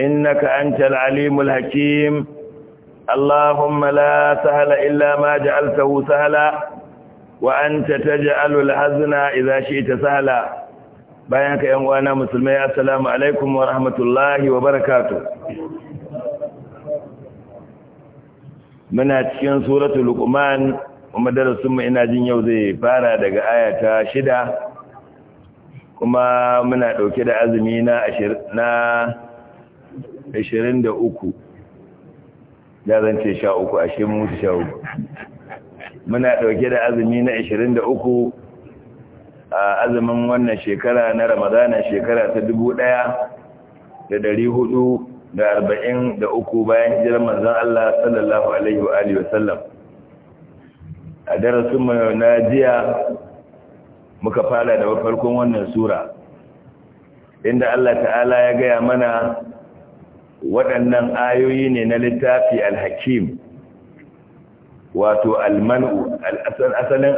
إنك أنت العليم الحكيم اللهم لا سهل إلا ما جعلته سهلا وأنت تجعل الحزن إذا شئت سهلا بيانك يا أموانا مسلمي السلام عليكم ورحمة الله وبركاته من أتكين سورة لقمان ومدر السم إنا جن يوزي فارا دقاء fara daga aya ta 6 kuma muna dauke da azumi na ashirin da uku da zan ce sha uku ashe mu sha uku muna dauke da azumi na ashirin da uku a azumin wannan shekara na ramadana shekara ta dubu ɗaya da dari hudu da arba'in da uku bayan hijirar manzan Allah sallallahu alaihi wa alihi wasallam a darasin mai na jiya muka fara da farkon wannan sura inda Allah ta'ala ya gaya mana waɗannan ayoyi ne na littafi alhakim hakim wato al-man'u asalin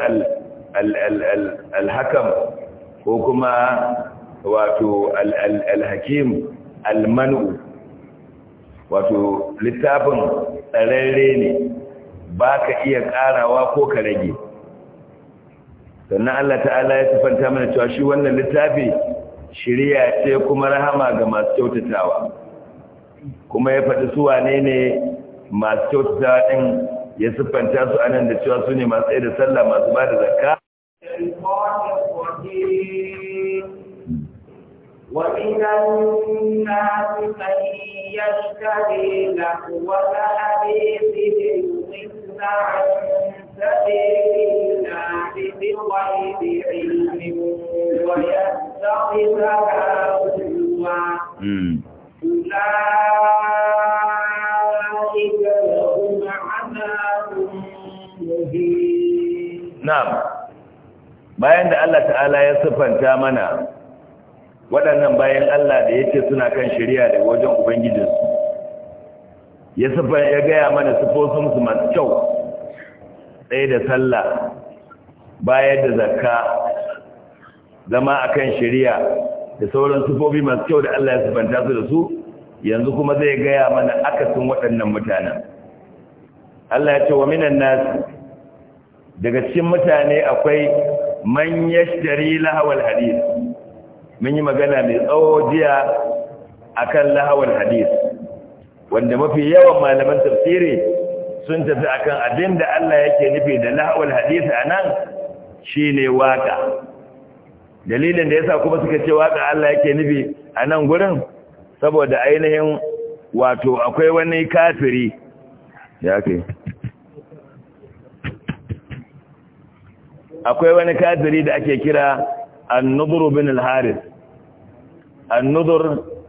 al ko kuma wato al-hakim wato littafin tsararre ne ba ka iya ƙarawa ko ka rage sannan Allah ta'ala ya tafanta mana cewa shi wannan littafi shirya ce kuma rahama ga masu kyautatawa kuma ya faɗi su wane ne masu kyautata ɗin ya siffanta su anan da cewa su ne masu da sallah masu ba da zakka ومن الناس من يشتري لهو الحديث ليضل Na’am, bayan da Allah ta'ala ya siffanta mana waɗannan bayan Allah da ya ce suna kan shirya da wajen Ubangijinsu ya siffan ya gaya mana su masu kyau tsaye da sallah bayan da zakka zama a kan shirya da sauran sufofi masu kyau da Allah ya sifanta su da su yanzu kuma zai gaya mana akasin waɗannan mutanen Allah ya ce wa minan nas daga cikin mutane akwai man yashtari lahawal hadith mun yi magana mai tsawo jiya akan lahawal hadith wanda mafi yawan malaman tafsiri sun tafi akan abin da Allah yake nufi da lahawal hadith anan shine waka dalilin da ya sa kuma suka ce waka Allah yake nubi a nan gurin saboda ainihin wato akwai wani kafiri ya ke. akwai wani kafiri da ake kira annudur ibn al-haris annudur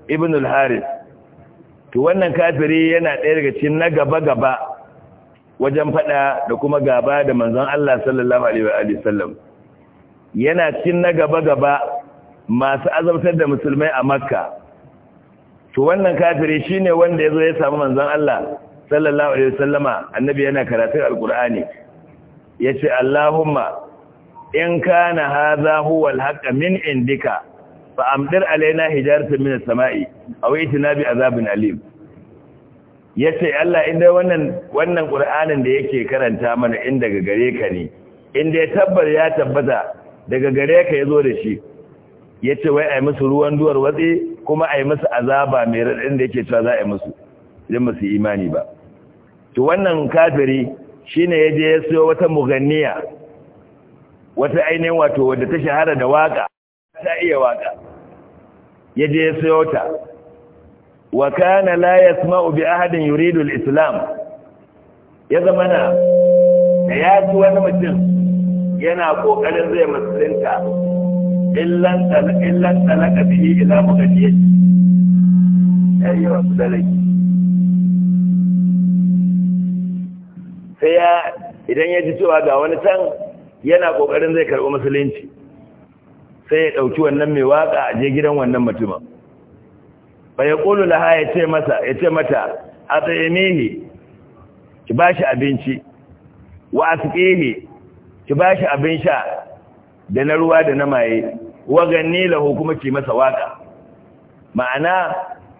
ibn al-haris to wannan kafiri yana ɗaya daga cikin na gaba-gaba wajen fada da kuma gaba da manzon Allah sallallahu alaihi wa sallam yana cin na gaba-gaba masu azabtar da musulmai a makka to wannan kafiri shine wanda ya zo ya samu manzon Allah sallallahu alaihi wasallama annabi yana karatun alkur'ani yace Allahumma in kana hadha huwa alhaq min indika fa amdir alaina hijaratan min as-sama'i aw itina bi azabin alim yace Allah inda wannan wannan qur'anin da yake karanta mana in daga gare ka ne inda ya tabbar ya tabbata daga gare ka ya zo da shi ya ce wai a yi musu ruwan duwar watsi kuma a yi musu azaba mai raɗin da yake cewa za a yi musu idan musu imani ba to wannan kafiri shi ne ya je ya siyo wata muganniya wata ainihin wato wadda ta shahara da waka ta iya waka ya je ya siyo ta wa kana la yasma'u bi ahadin yuridu islam ya zamana ya ci wani mutum yana kokarin zai musulunta illan talaka ila muka bihi ila ya yi wasu dalai sai ya idan ya ji cewa ga wani can yana kokarin zai karɓi musulunci sai ya ɗauki wannan mai waka a je gidan wannan mutumin ba ya ƙulu laha ya ce masa ya ce mata a tsaye ki ba shi abinci wa a ki ba shi abin sha da na ruwa da na maye waganni lahu kuma ki masa waka ma'ana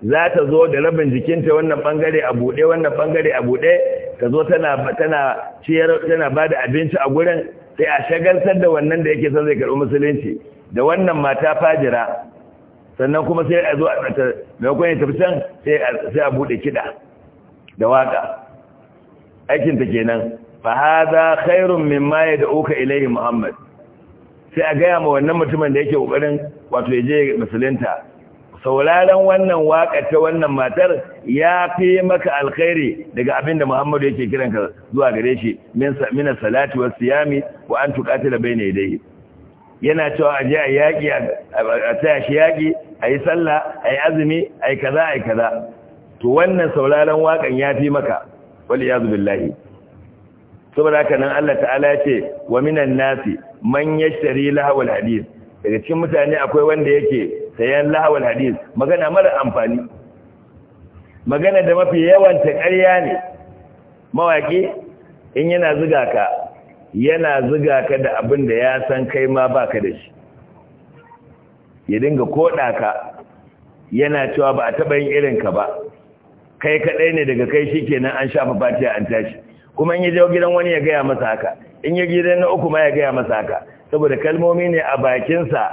za ta zo da rabin jikinta wannan bangare a buɗe wannan bangare a buɗe ta zo tana tana ciyar bada abinci a gurin sai a shagaltar da wannan da yake son zai karɓi musulunci da wannan mata fajira sannan kuma sai a zo a tsata mai kwanye tafi can sai a buɗe kiɗa da waƙa aikinta kenan fa hadha khairun mimma yad'uka ilayhi muhammad sai a gaya ma wannan mutumin da yake kokarin wato yaje musulunta sauraron wannan waka ta wannan matar ya fi maka alkhairi daga abin da Muhammadu yake kiran ka zuwa gare shi min salati was siyami wa an tuqatila bayna yadayhi yana cewa aje a yaki a taya shi yaki ayi sallah ayi azumi ayi kaza ayi kaza to wannan sauraron wakan ya fi maka wal iyaz billahi saboda haka nan Allah ta'ala ya ce wa minan nasi man yashtari lahawal hadis daga cikin mutane akwai wanda yake sayan lahawal hadis magana mara amfani magana da mafi yawan ta ƙarya ne mawaki in yana zuga ka yana zuga ka da abin da ya san kai ma baka da shi ya dinga koda ka yana cewa ba a taba yin irin ka ba kai kadai ne daga kai shi shikenan an shafa fatiya an tashi kuma in ya gidan wani ya gaya masa haka in ya gidan na uku ma ya gaya masa haka saboda kalmomi ne a bakinsa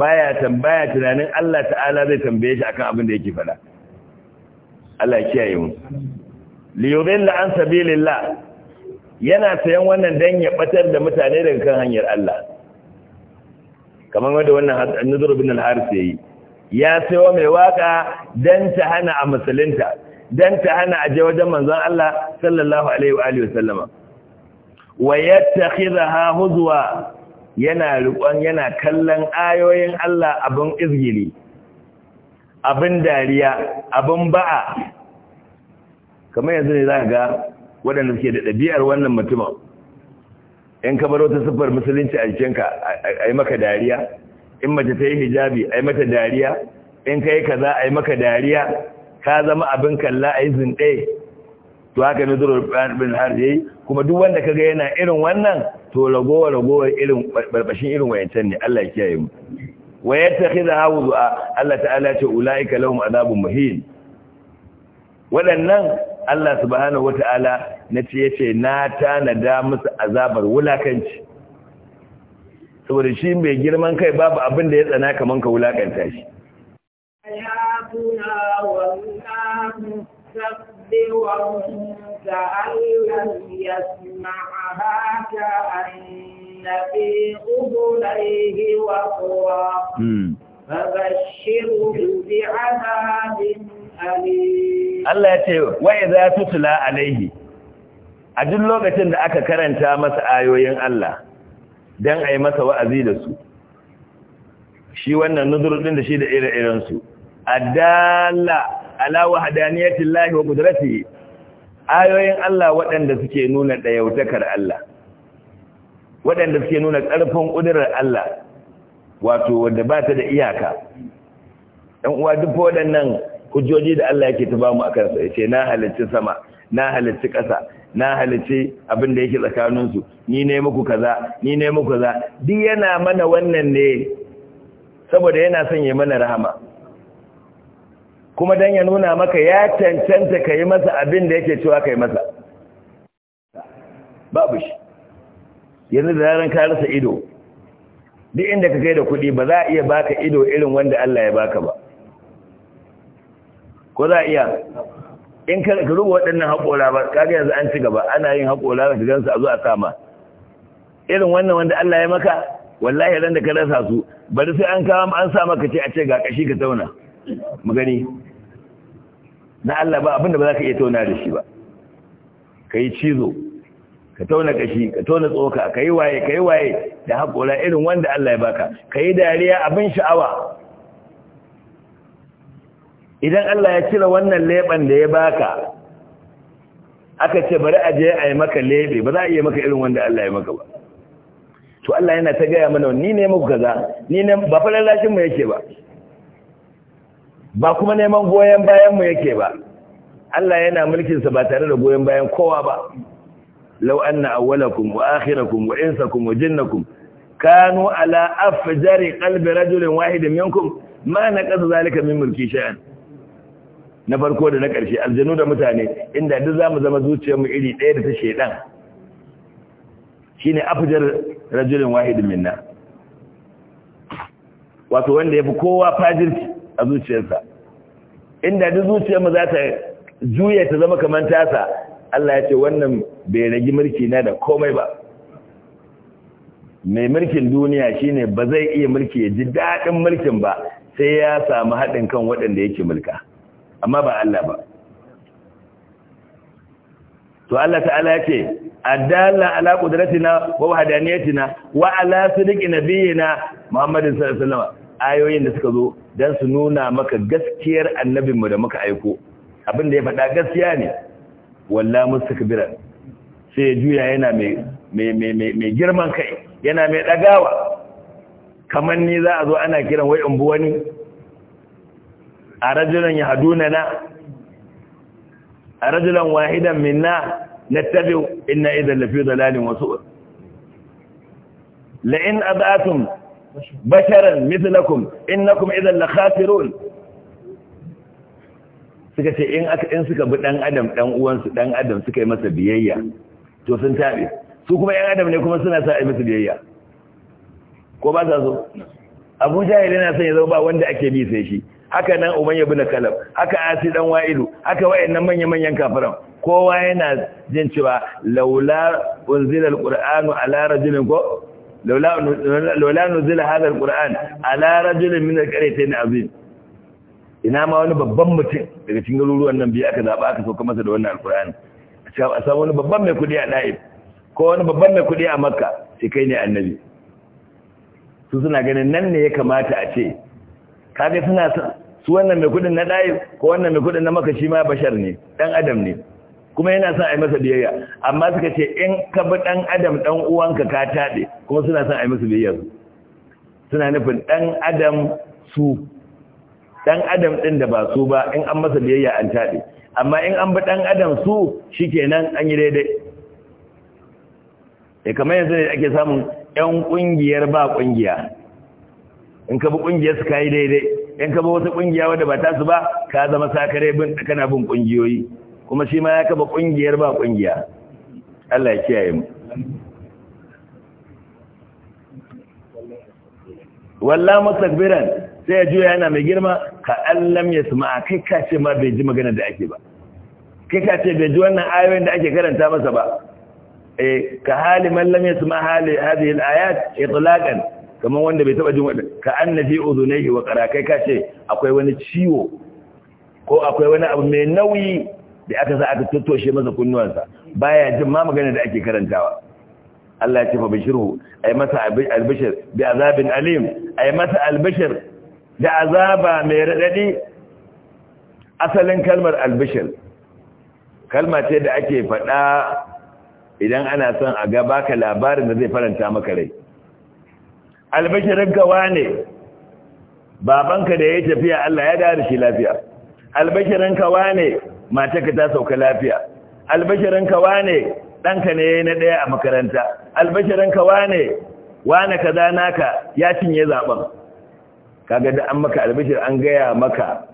baya tambaya tunanin Allah ta'ala zai tambaye shi akan abin da yake faɗa Allah ya kiyaye mu liyudilla an sabilillah yana sayan wannan dan ya batar da mutane daga kan hanyar Allah kamar wanda wannan nuzur bin al-haris yayi ya sayo mai waka dan ta hana a musulunta dan ta hana aje wajen manzon Allah sallallahu alaihi wa alihi wasallama wa yana riƙon yana kallon ayoyin Allah abin izgili abin dariya abin ba'a kamar yanzu ne za ga waɗanda suke da ɗabi'ar wannan mutumin in ka bar wata siffar musulunci a jikinka a yi maka dariya in mace ta yi hijabi a yi mata dariya in ka yi kaza a yi maka dariya ka zama abin kalla a yi zinɗe to haka nuzurul bin har yayi kuma duk wanda kaga yana irin wannan to ragowa ragowa irin barbashin irin wayancan ne Allah ya kiyaye mu wa yattakhidha zuwa, Allah ta'ala ce ulaika lahum adabun muhin waɗannan Allah subhanahu wata'ala na ce yace na tanada musu azabar wulakanci saboda shi mai girman kai babu abin da ya tsana kaman ka wulakanta shi آياتنا ولا مستكبرا كأن لم يسمعها كأن في أذنيه وقرا فبشره بعذاب ce Wai za su a duk lokacin da aka karanta masa ayoyin Allah don a yi masa wa'azi da su shi wannan nuzurudin da shi da ire-irensu adalla ala wahdaniyatillahi wa qudratihi ayoyin Allah waɗanda suke nuna ɗayautakar Allah waɗanda suke nuna ƙarfin ƙudurar Allah wato wanda ba ta da iyaka ɗan uwa duk waɗannan hujjoji da Allah yake ta bamu mu akan ya ce na halicci sama na halicci ƙasa na halicci abin da yake tsakaninsu, su ni ne muku kaza ni ne muku kaza duk yana mana wannan ne saboda yana son ya mana rahama kuma don ya nuna maka ya cancanta ka yi masa abin da yake cewa ka yi masa babu shi yanzu da yaran ka rasa ido duk inda ka kai da kuɗi ba za a iya baka ido irin wanda Allah ya baka ba ko za a iya in ka rubu waɗannan haƙola ba kaga yanzu an ci gaba ana yin haƙola ka su a zo a sama irin wannan wanda Allah ya maka wallahi ran da ka rasa su bari sai an kawo an sa maka ce a ce ga kashi ka zauna magani na Allah ba abinda ba za ka iya tauna da shi ba ka yi cizo ka tauna kashi ka tauna tsoka ka yi waye ka yi waye da haƙola irin wanda Allah ya baka ka yi dariya abin sha'awa idan Allah ya cire wannan leɓen da ya baka aka ce bari a je a maka leɓe ba za a iya maka irin wanda Allah ya maka ba to Allah yana ta gaya mana ni ne muku kaza ni ne ba fa lallashin mu yake ba ba kuma neman goyon bayan mu yake ba Allah yana mulkin sa ba tare da goyon bayan kowa ba law anna awwalakum wa akhirakum wa insakum wa jinnakum kanu ala afjari qalbi rajulin wahidin minkum ma naqasa zalika min mulki shay'an na farko da na ƙarshe aljanu da mutane inda duk zamu zama zuciyarmu iri ɗaya da ta shedan shine afjar rajulin wahidin minna wato wanda yafi kowa fajirci a zuciyarsa inda duk zuciyarmu za ta juya ta zama kamar tasa Allah ya ce wannan bai ragi mulki na da komai ba mai mulkin duniya shine ba zai iya mulki ya ji daɗin mulkin ba sai ya samu haɗin kan waɗanda yake mulka amma ba Allah ba to Allah ta'ala ya ce adalla ala qudratina wa wahdaniyatina wa ala sidqi nabiyina Muhammadin sallallahu alaihi wasallam ayoyin da suka zo don su nuna maka gaskiyar annabinmu da muka aiko Abinda ya faɗa gaskiya ne walla bira. sai ya juya yana mai girman kai yana mai ɗagawa kamar ni za a zo ana kiran wai in wani a rajulan ya haduna na a rajulan wahidan minna na tabi inna idan lafi dalalin wasu la'in abatun basharan مثلكم انكم اذا لخاسرون suka ce in aka in suka bi dan adam dan uwansu dan adam suka yi masa biyayya to sun tabe su kuma yan adam ne kuma suna sa yi masa biyayya ko ba sa so Abu Jahil yana son ya zama ba wanda ake bi sai shi haka nan Umayya ibn Kalab haka Asi dan Wa'ilu haka wayannan manya-manyan kafiran kowa yana jin cewa laula unzila alqur'anu ala rajulin ko laula nuzila hadha alquran ala rajulin min alqaryatayn azim ina ma wani babban mutum daga cikin garuruwan nan biyu aka zaba aka sauka masa da wannan alqur'ani a samu wani babban mai kudi a da'ib ko wani babban mai kudi a makka sai kai ne annabi su suna ganin nan ne ya kamata a ce kaga suna su wannan mai kudin na da'ib ko wannan mai kudin na makka shi ma bashar ne dan adam ne kuma yana son a yi masa biyayya amma suka ce in ka bi dan adam dan uwanka ka taɗe kuma suna son a yi masa biyayya suna nufin dan adam su dan adam ɗin da ba su ba in an masa biyayya an taɗe amma in an bi dan adam su shi nan an yi daidai Ya eh, kamar yanzu ne ake samun ƴan ƙungiyar ba ƙungiya, in ka bi ƙungiyar su ka yi daidai in ka bi wata ƙungiya wadda ba ta su ba ka zama sakare bin kana bin ƙungiyoyi. kuma shi ma ya kaba ƙungiyar ba ƙungiya Allah ya kiyaye mu walla mutakbiran sai ya juya yana mai girma ka allam ya sama kai ka ce ma bai ji magana da ake ba kai ka ce bai ji wannan ayoyin da ake karanta masa ba eh ka hali man lam yasma hali hadhihi alayat itlaqan kaman wanda bai taba jin wannan ka annabi udunayhi wa qara kai ka ce akwai wani ciwo ko akwai wani abu mai nauyi da aka sa aka tattoshe masa kunnuwansa baya jin ma magana da ake karantawa Allah ya ce fa bashiru ay masa albashir bi azabin alim ay masa albashir da azaba mai radadi asalin kalmar albashir kalma ce da ake faɗa idan ana son a ga baka labarin da zai faranta maka rai albashirin gawa ne babanka da ya tafiya Allah ya dawo da shi lafiya albashirin kawa ne ka ta sauka lafiya ka wane ɗanka ne na daya a makaranta ka wane wane kaza naka ya cinye zaben kaga da an maka albashir an gaya maka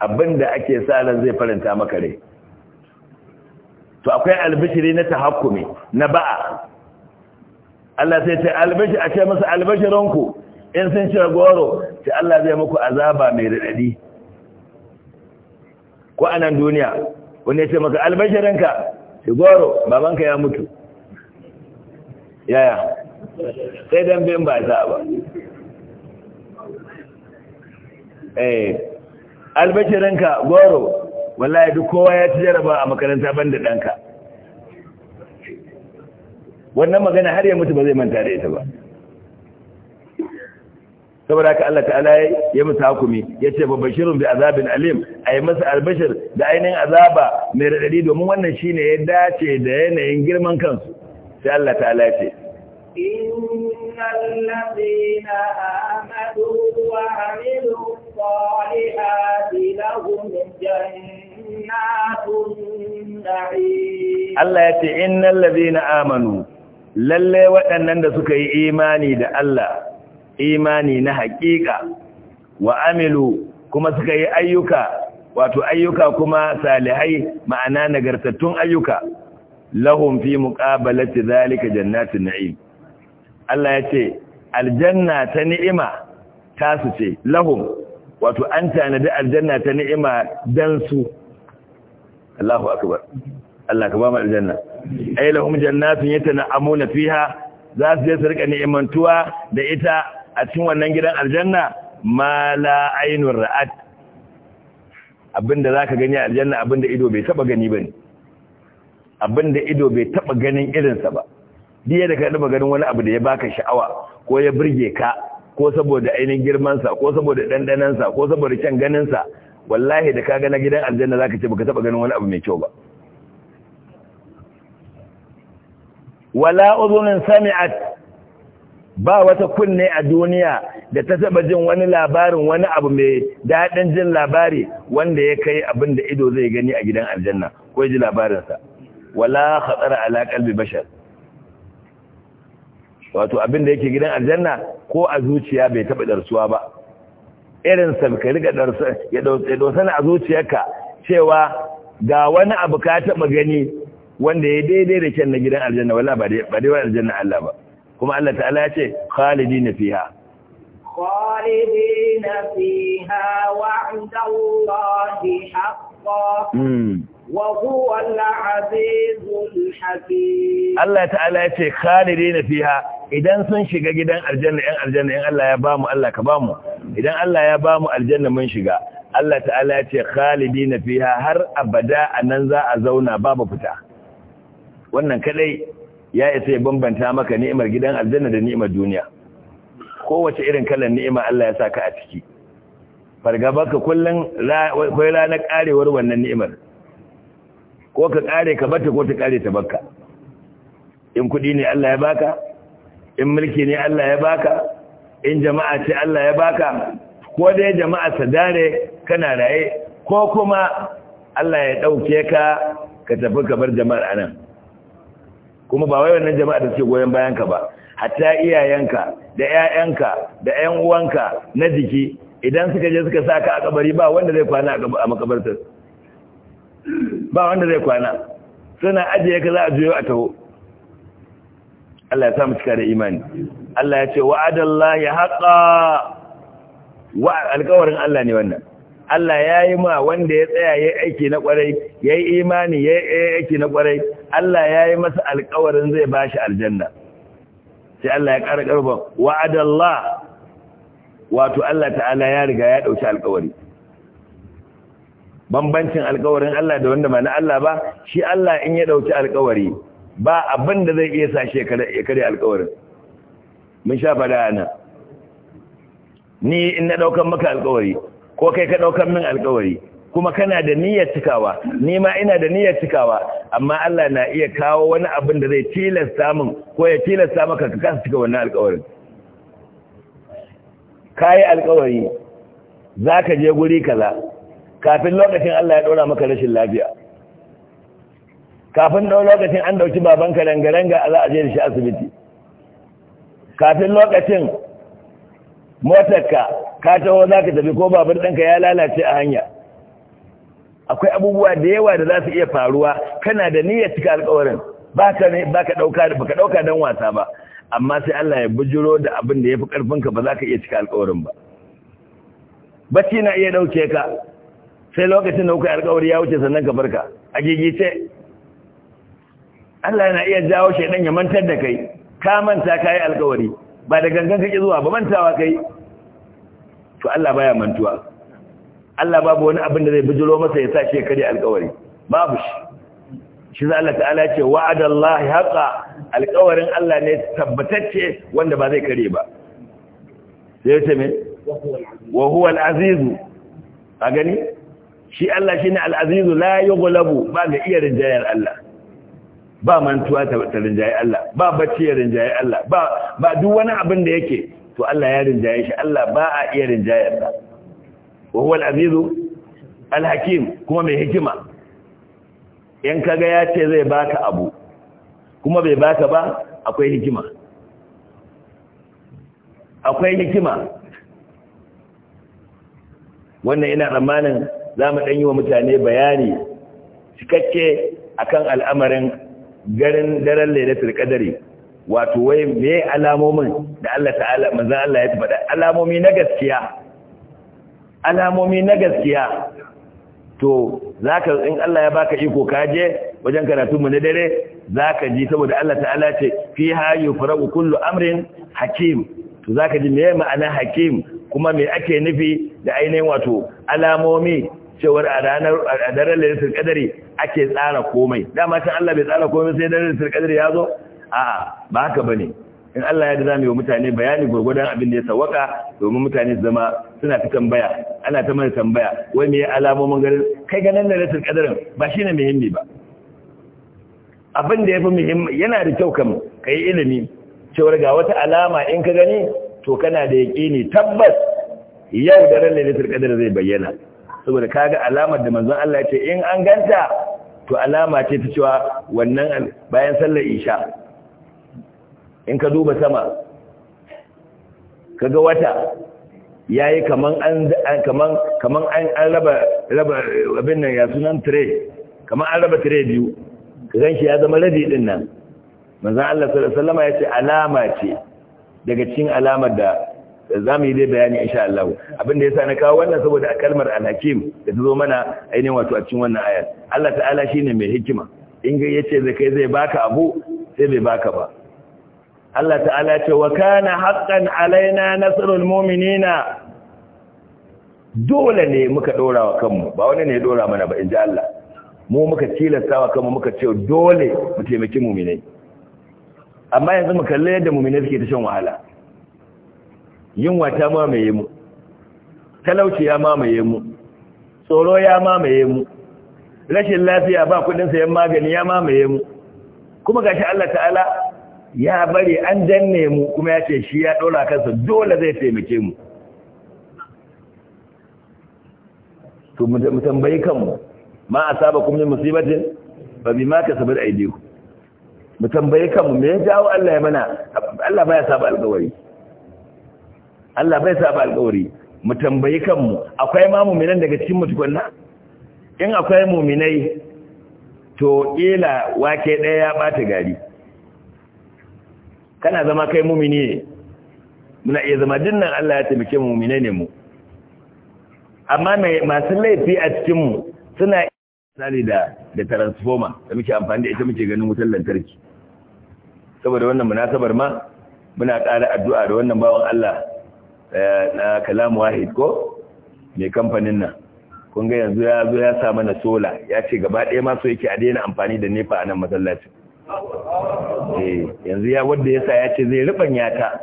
abinda ake sa ran zai faranta maka rai to akwai albashiri na tahakkumi na ba'a Allah sai ce albashi a ce masa albashirinku in sun ce goro sai Allah zai muku azaba mai radadi ko a nan duniya wani ya ce maka albashirinka shigoro babanka ya mutu yaya sai don bin ba za ba eh albashirinka goro wallahi duk kowa ya ci jaraba a makaranta ban da ɗanka wannan magana har ya mutu ba zai manta da ita ba saboda haka Allah ta'ala ya musa hukumi ya ce ba bashirun bi azabin alim a yi masa albashir da ainihin azaba mai raɗaɗi domin wannan shi ne ya dace da yanayin girman kansu sai Allah ta'ala ce Allah ya ce, Innan labi na amanu, lalle waɗannan da suka yi imani da Allah, imani na haƙiƙa wa amilu kuma suka yi ayyuka wato ayyuka kuma salihai ma'ana nagartattun ayyuka lahum fi muqabalati zalika jannatin na'im Allah ya ce aljanna ta ni'ima su ce lahum wato an tanadi aljanna ta ni'ima dan su Allahu akbar Allah ka ba mu aljanna ay lahum yatana amuna fiha za su je su rika ni'imantuwa da ita a cikin wannan gidan aljanna ma la ainur ra'at abinda zaka gani a aljanna abinda ido bai taba gani bane abinda ido bai taba ganin irinsa ba Jiya da ka taba ganin wani abu da ya baka sha'awa ko ya burge ka ko saboda ainihin girmansa ko saboda sa ko saboda kyan ganinsa wallahi da ka gana gidan aljanna zaka ce baka taba ganin wani abu mai kyau ba wala uzunin sami'at ba wata kunne a duniya da ta taba jin wani labarin wani abu mai daɗin jin labari wanda ya kai abin da ido zai gani a gidan aljanna ko ji labarinsa wala khatara ala qalbi bashar wato abin da yake gidan aljanna ko a zuciya bai taba darsuwa ba irin sa ka riga darsa ya dosana a zuciyarka cewa ga wani abu ka taba gani wanda ya daidai da kyan na gidan aljanna wala ba dai ba dai aljanna Allah ba kuma Allah ta'ala ya ce khalidina fiha khalidina fiha wa'da Allahi haqqan hmm. wa huwa al-'azizul hakim Allah ta'ala ya ce khalidina fiha idan sun shiga gidan aljanna ɗan aljanna in Allah ya bamu Allah ka bamu idan Allah ya bamu aljanna mun shiga Allah ta'ala ya ce khalidina fiha har abada anan za a zauna babu fita wannan kadai ya isa ya bambanta maka ni'imar gidan aljanna da ni'imar duniya kowace irin kalan ni'ima Allah ya saka a ciki fargabarka kullum kai ranar karewar wannan ni'imar ko ka kare ka bata ko ta kare ta baka in kudi ne Allah ya baka in mulki ne Allah ya baka in jama'a ce Allah ya baka ko dai jama'a sadare kana raye ko kuma Allah ya dauke ka ka tafi ka bar jama'ar anan kuma ba wai wannan jama'a da suke goyon bayan ka ba hatta iyayenka da ƴaƴanka da ƴan uwanka na jiki idan suka je suka saka a kabari ba wanda zai kwana a makabartar ba wanda zai kwana suna ajiye ka za a juyo a taho Allah ya sa mu cika da imani Allah ya ce wa'adallahi haqa wa alƙawarin Allah ne wannan Allah ya yi ma wanda ya tsaya ya aiki na ƙwarai ya yi imani ya yi aiki na ƙwarai Allah ya yi masa alkawarin zai ba shi aljanna sai Allah ya ƙara ƙarfan wa'adallah wato Allah ta'ala ya riga ya ɗauki alkawari bambancin alkawarin Allah da wanda ba na Allah ba shi Allah in ya ɗauki alkawari ba abin da zai iya sa kada ya kare alkawarin mun sha fada ana ni in na ɗaukan maka alkawari ko kai ka ɗaukan min alkawari kuma kana da niyyar cikawa ni ma ina da niyyar cikawa amma Allah na iya kawo wani abin da zai tilasta min ko ya tilasta maka ka kasa cika wannan alƙawarin kai alƙawari zaka je guri kaza kafin lokacin Allah ya dora maka rashin lafiya kafin dau lokacin an dauki babanka rangaranga za a je da shi asibiti kafin lokacin motarka ka taho zaka tafi ko babur ɗinka ya lalace a hanya akwai abubuwa da yawa da za su iya faruwa kana da niyyar cika alkawarin baka ne baka dauka baka dauka dan wasa ba amma sai Allah ya bujiro da abin da yafi karfin ka ba za ka iya cika alkawarin ba bacci na iya dauke ka sai lokacin da kuka alkawari ya wuce sannan ka farka a gigice Allah yana iya jawo shaidan ya mantar da kai ka manta kai alkawari ba da gangan kake zuwa ba mantawa kai to Allah baya mantuwa Allah babu wani abin da zai bijiro masa ya sa shi kare alƙawari babu shi shi za Allah ta'ala ce wa'adallahi haqa alƙawarin Allah ne tabbatacce wanda ba zai kare ba sai ce me wa huwa al-aziz a gani shi Allah shine al-aziz la yughlabu ba ga iya rinjayar Allah ba mantuwa ta rinjaye Allah ba bacci ya rinjaye Allah ba ba duk wani abin da yake to Allah ya rinjaye shi Allah ba a iya rinjayar Allah وهو العزيز الحكيم azizu al-hakim kuma mai hikima زي باكا ya ce zai baka abu kuma bai baka ba akwai hikima wannan ina tsammanin za mu ɗan yi wa mutane bayani cikakke akan al'amarin garin daren lailatul qadari wato wai me alamomin da Allah ta'ala manzon Allah ya tabbata alamomi na gaskiya alamomi na gaskiya to zaka in Allah ya baka iko kaje wajen karatu mu na dare zaka ji saboda Allah ta'ala ce ha yufraqu kullu amrin hakim to zaka ji meye ma'ana hakim kuma me ake nufi da ainihin wato alamomi cewar a ranar a lailatul ake tsara komai dama can Allah bai tsara komai sai daren lailatul ya zo a'a ba haka bane in Allah ya da zamu yi mutane bayani gurgurdan abin da ya sawaka domin mutane zama suna ta tambaya ana ta mana tambaya wai me alamomin garin kai ganin da rashin kadarin ba shine muhimmi ba abin da yafi muhimmi yana da kyau kam kai ilimi cewa ga wata alama in ka gani to kana da yaqini tabbas yau da ran lailatul qadr zai bayyana saboda kaga alamar da manzon Allah ya ce in an ganta to alama ce ta cewa wannan bayan sallar isha in ka duba sama kaga wata yayi kaman an kaman kaman an raba raba abin nan ya sunan tire, kaman an raba tire biyu ka ganshi ya zama rabi din nan manzo Allah sallallahu alaihi wasallam ya ce alama ce daga cikin alamar da zamu yi dai bayani insha Allah abinda yasa na kawo wannan saboda kalmar al da ta zo mana ainihin wato a cikin wannan ayat Allah ta'ala shine mai hikima in ga yace zai kai zai baka abu sai bai baka ba Allah ta'ala ce wa kana haqqan alaina nasrul mu'minina dole ne muka dora wa kanmu ba wani ne ya dora mana ba inji Allah mu muka tilasta wa kanmu muka ce dole mu taimaki mu'minai amma yanzu mu kalle yadda mu'minai suke ta shan wahala yunwa ta mamaye mu talauci ya mamaye mu tsoro ya mamaye mu rashin lafiya ba kudin sayan magani ya mamaye mu kuma gashi Allah ta'ala ya bari an danne mu kuma ya ce shi ya ɗora kansa dole zai taimake mu to mu tambayi kanmu ma a saba kuma ne musibatin ba bi ma ka sabar aidi mu tambayi kanmu me ya jawo Allah ya mana Allah baya saba alƙawari Allah bai saba alƙawari mu tambayi kanmu akwai ma mu'minan daga cikin mutukunna in akwai mu'minai to kila wake ɗaya ya bata gari kana zama kai mumini ne muna iya zama dinnan Allah ya taimake mu mumine ne mu amma masu laifi a cikin mu suna misali da da transformer da muke amfani da ita muke ganin wutar lantarki saboda wannan munasabar ma muna ƙara addu'a da wannan bawan Allah eh, na kalamu wahid ko mai kamfanin nan kun ga yanzu ya zo ya sa mana sola ya ce gaba ɗaya ma so yake a daina amfani da nepa a nan masallacin Eh, yanzu ya wadda ya sa ya ce zai ribanya ta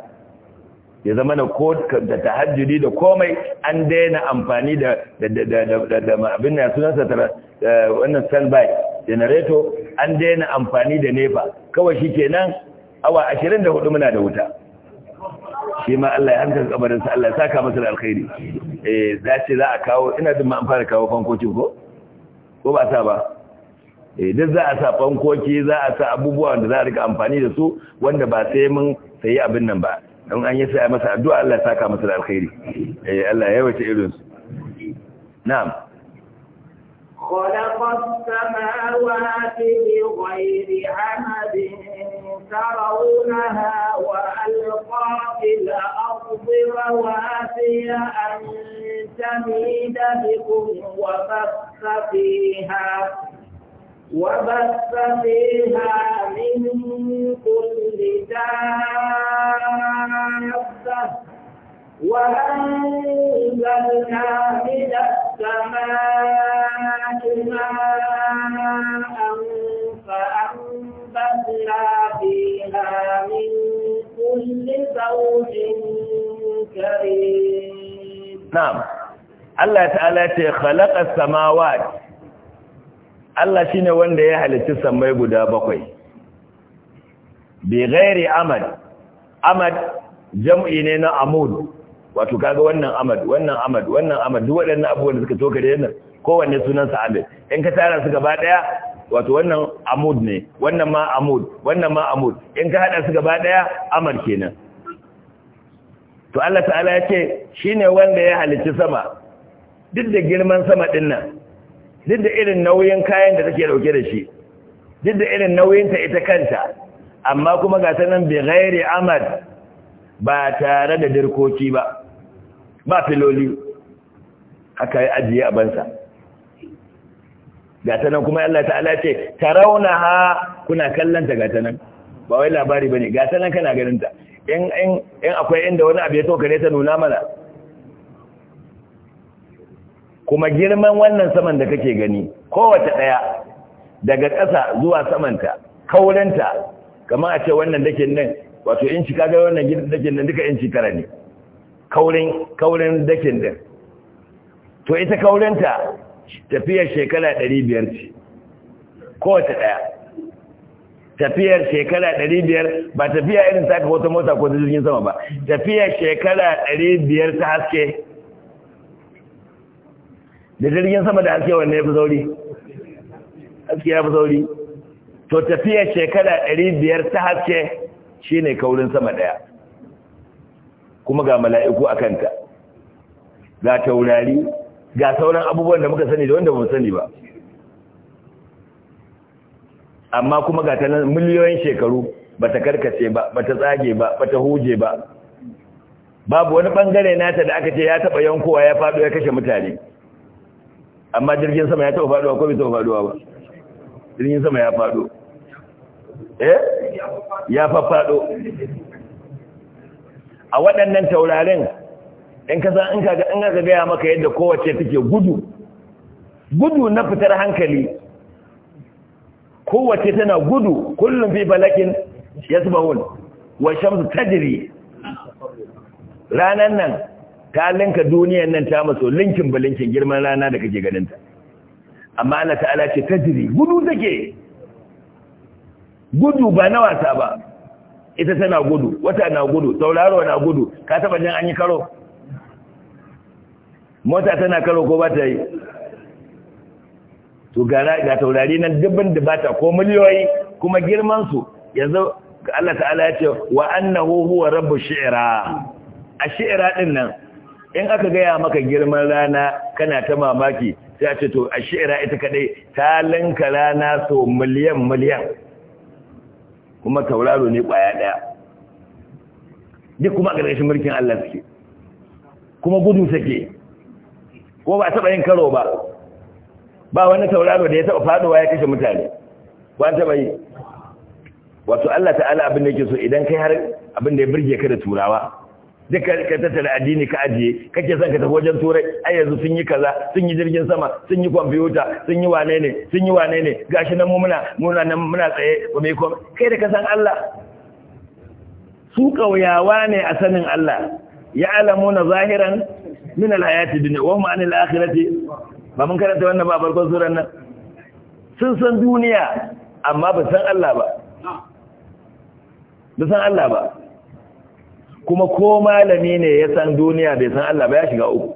ya zama da da tahajjudi da komai an daina amfani da abin da sunansa wannan standby generator an daina amfani da nefa kawai shi ke nan awa 24 muna da wuta shi ma Allah ya hankali kabarinsa Allah ya saka masu da alkhairi eh za ce za a kawo ina jin an fara kawo fankoci ko ko ba sa ba Eh, duk za a sa fankoki za a sa abubuwan da za a rika amfani da su wanda ba sai mun sayi abin nan ba don an yi sai masa addu'a Allah ya saka masa da alkhairi eh Allah ya yawaita irin su na'am خلق السماوات بغير عمد ترونها وألقى في الأرض رواسي أن تميد بكم وبث فيها وبث فيها من كل دابة وأنزلنا من السماء ماء فأنبتنا فيها من كل زوج كريم نعم الله تعالى خلق السماوات Allah shi ne wanda ya halittu sammai guda bakwai bi Ahmad, amad amad jam'i ne na amud wato kaga wannan amad wannan amad wannan amad duk waɗannan abubuwan da suka toka da yannan kowanne sunansa amad in ka tara su gaba ɗaya? wato wannan amud ne wannan ma amud wannan ma amud in ka haɗa su gaba ɗaya? amad kenan to Allah ta'ala ya ce shi ne wanda ya halicci sama duk da girman sama ɗin nan duk da irin nauyin kayan da take dauke da shi duk da irin nauyinta ita kanta amma kuma ga sanan bi ghairi amad ba tare da dirkoki ba ba filoli haka ya ajiye a bansa ga sanan kuma Allah ta'ala ce tarawnaha kuna kallanta ga sanan ba wai labari bane ga sanan kana ganin ta in in akwai inda wani abu ya so kare ta nuna mana kuma girman wannan saman da kake gani kowace ɗaya daga ƙasa zuwa samanta kaurinta kamar a ce wannan dake nan wato inci kaga wannan dake nan duka inci tara ne kaurin kaurin dake nan to ita kaurinta tafiyar shekara 500 ce kowace ɗaya tafiyar shekara 500 ba tafiya irin saka wata mota ko jirgin sama ba tafiyar shekara 500 ta haske da jirgin sama da haske wanne ya fi sauri haske ya fi sauri to tafiya shekara ɗari biyar ta haske shi ne kaurin sama ɗaya kuma ga mala'iku a kanta ga taurari ga sauran abubuwan da muka sani da wanda ba sani ba amma kuma ga ta miliyoyin shekaru ba ta karkace ba ba ta tsage ba ba ta huje ba babu wani bangare nata da aka ce ya taɓa yankowa ya faɗo ya kashe mutane amma jirgin sama ya taɓa faɗuwa ko bai taɓa faɗuwa ba jirgin sama ya faɗo eh ya faɗo a waɗannan taurarin in ka san in ka ga in ka gaya maka yadda kowace take gudu gudu na fitar hankali kowace tana gudu kullum fi balakin yasbahun wa shamsu tajri ranan nan ta linka duniyan nan ta maso linkin ba linkin girman rana da kake ganinta amma Allah ta'ala ce tajiri gudu take gudu ba na wasa ba ita tana gudu wata na gudu tauraro na gudu ka taba jin an yi karo mota tana karo ko ba ta yi to ga taurari nan dubban da bata ko miliyoyi kuma girman su yanzu Allah ta'ala ya ce wa annahu huwa rabbu shi'ra a shi'ra din nan in aka gaya maka girman rana kana ta mamaki sai a ce to a shi'ira ita kadai ta linka rana so miliyan miliyan kuma tauraro ne kwaya daya duk kuma a ƙarƙashin mulkin Allah suke kuma gudu suke ko ba a taɓa yin karo ba ba wani tauraro da ya taɓa faɗowa ya kashe mutane ba an taɓa yi wato Allah ta'ala abin da yake so idan kai har abin da ya birge ka da turawa duk ka tattara addini ka ajiye kake son ka tafi wajen turai ai yanzu sun yi kaza sun yi jirgin sama sun yi kwamfuta sun yi wane ne sun yi wane ne gashi nan mu muna muna nan muna tsaye ba mai komai kai da ka san Allah su kauyawa ne a sanin Allah ya na zahiran min alhayati dunya wa hum anil akhirati ba mun karanta wannan ba farkon suran nan sun san duniya amma ba san Allah ba ba san Allah ba kuma ko malami ne ya san duniya bai san Allah ba ya shiga uku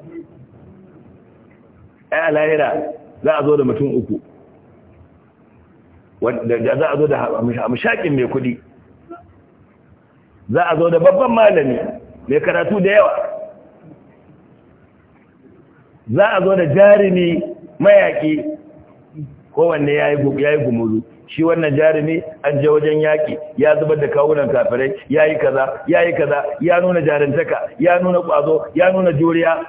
ai a lahira za a zo da mutum uku za a zo da mashakin mai kudi za a zo da babban malami mai karatu da yawa za a zo da jarumi mayaki kowanne ya yi gumuzu shi wannan jarumi an je wajen yaki, ya zubar da kawunan kafirai ya yi kaza ya yi kaza ya nuna jarantaka, ya nuna ƙwazo ya nuna juriya